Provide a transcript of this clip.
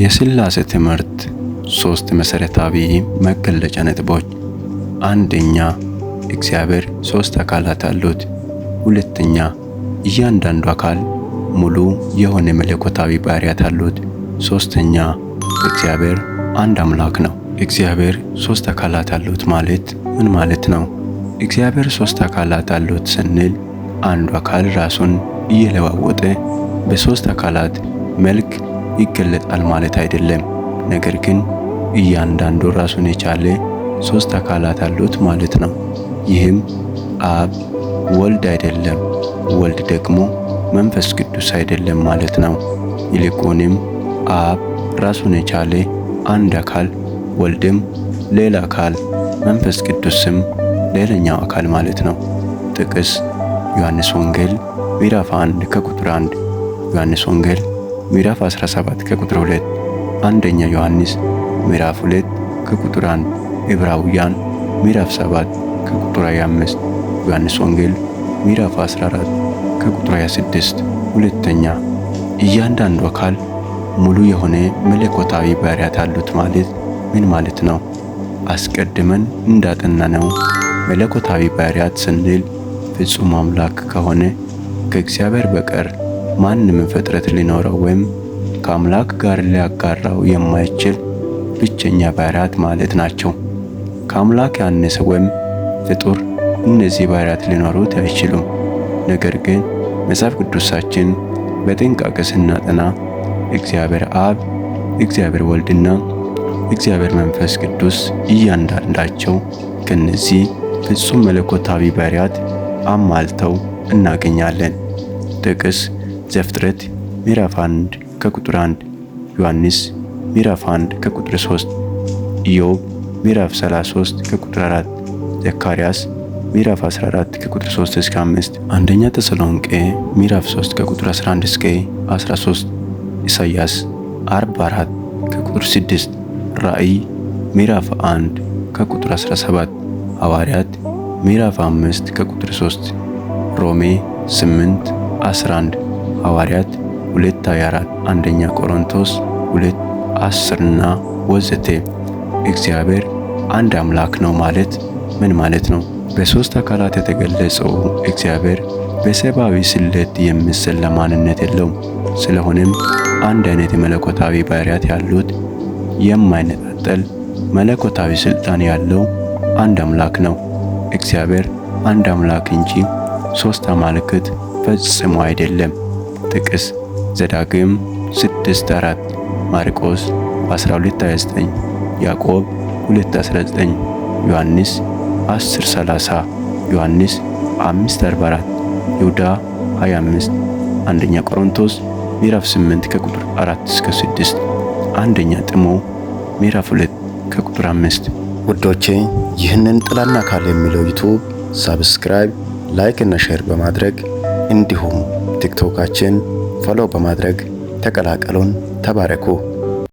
የስላሴ ትምህርት ሶስት መሰረታዊ መገለጫ ነጥቦች፣ አንደኛ እግዚአብሔር ሶስት አካላት አሉት፣ ሁለተኛ እያንዳንዱ አካል ሙሉ የሆነ መለኮታዊ ባህሪያት አሉት፣ ሶስተኛ እግዚአብሔር አንድ አምላክ ነው። እግዚአብሔር ሶስት አካላት አሉት ማለት ምን ማለት ነው? እግዚአብሔር ሶስት አካላት አሉት ስንል አንዱ አካል ራሱን እየለዋወጠ በሶስት አካላት መልክ ይገለጣል ማለት አይደለም። ነገር ግን እያንዳንዱ ራሱን የቻለ ሶስት አካላት አሉት ማለት ነው። ይህም አብ ወልድ አይደለም፣ ወልድ ደግሞ መንፈስ ቅዱስ አይደለም ማለት ነው። ይልቁንም አብ ራሱን የቻለ አንድ አካል፣ ወልድም ሌላ አካል፣ መንፈስ ቅዱስም ሌላኛው አካል ማለት ነው። ጥቅስ ዮሐንስ ወንጌል ምዕራፍ 1 ከቁጥር 1 ዮሐንስ ወንጌል ምዕራፍ 17 ከቁጥር 2፣ አንደኛ ዮሐንስ ምዕራፍ 2 ከቁጥር 1፣ ዕብራውያን ምዕራፍ 7 ከቁጥር 25፣ ዮሐንስ ወንጌል ምዕራፍ 14 ከቁጥር 26። ሁለተኛ እያንዳንዱ አካል ሙሉ የሆነ መለኮታዊ ባህሪያት አሉት ማለት ምን ማለት ነው? አስቀድመን እንዳጠናነው መለኮታዊ ባህሪያት ስንል ፍጹም አምላክ ከሆነ ከእግዚአብሔር በቀር ማንም ፍጥረት ሊኖረው ወይም ከአምላክ ጋር ሊያጋራው የማይችል ብቸኛ ባህርያት ማለት ናቸው። ከአምላክ ያነሰ ወይም ፍጡር እነዚህ ባህሪያት ሊኖሩት አይችሉም። ነገር ግን መጽሐፍ ቅዱሳችን በጥንቃቄ ስናጠና እግዚአብሔር አብ፣ እግዚአብሔር ወልድና እግዚአብሔር መንፈስ ቅዱስ እያንዳንዳቸው ከነዚህ ፍጹም መለኮታዊ ባህርያት አማልተው እናገኛለን። ጥቅስ ዘፍጥረት ምዕራፍ 1 ከቁጥር 1፣ ዮሐንስ ምዕራፍ 1 ከቁጥር 3፣ ኢዮብ ምዕራፍ 33 ከቁጥር 4፣ ዘካርያስ ምዕራፍ 14 ከቁጥር 3 እስከ 5፣ አንደኛ ተሰሎንቄ ምዕራፍ 3 ከቁጥር 11 እስከ 13፣ ኢሳይያስ 44 ከቁጥር 6፣ ራእይ ምዕራፍ 1 ከቁጥር 17፣ ሐዋርያት ምዕራፍ 5 ከቁጥር 3፣ ሮሜ 8 11 ሐዋርያት 224 አንደኛ ቆሮንቶስ 2 10ና ወዘተ። እግዚአብሔር አንድ አምላክ ነው ማለት ምን ማለት ነው? በሶስት አካላት የተገለጸው እግዚአብሔር በሰብአዊ ስለት የሚስል ለማንነት የለውም። ስለሆነም አንድ አይነት መለኮታዊ ባህሪያት ያሉት የማይነጣጠል መለኮታዊ ስልጣን ያለው አንድ አምላክ ነው። እግዚአብሔር አንድ አምላክ እንጂ ሶስት አማልክት ፈጽሞ አይደለም። ጥቅስ ዘዳግም 6:4 ማርቆስ 12:29 ያዕቆብ 2:19 ዮሐንስ 10:30 ዮሐንስ 5:44 ይሁዳ 25 አንደኛ ቆሮንቶስ ምዕራፍ 8 ከቁጥር 4 እስከ 6 አንደኛ ጥሞ ምዕራፍ 2 ከቁጥር 5 ውዶቼ ይህንን ጥላና ካል የሚለው ዩቱብ ሳብስክራይብ ላይክ እና ሼር በማድረግ እንዲሁም ቲክቶካችን ፎሎ በማድረግ ተቀላቀሉን። ተባረኩ።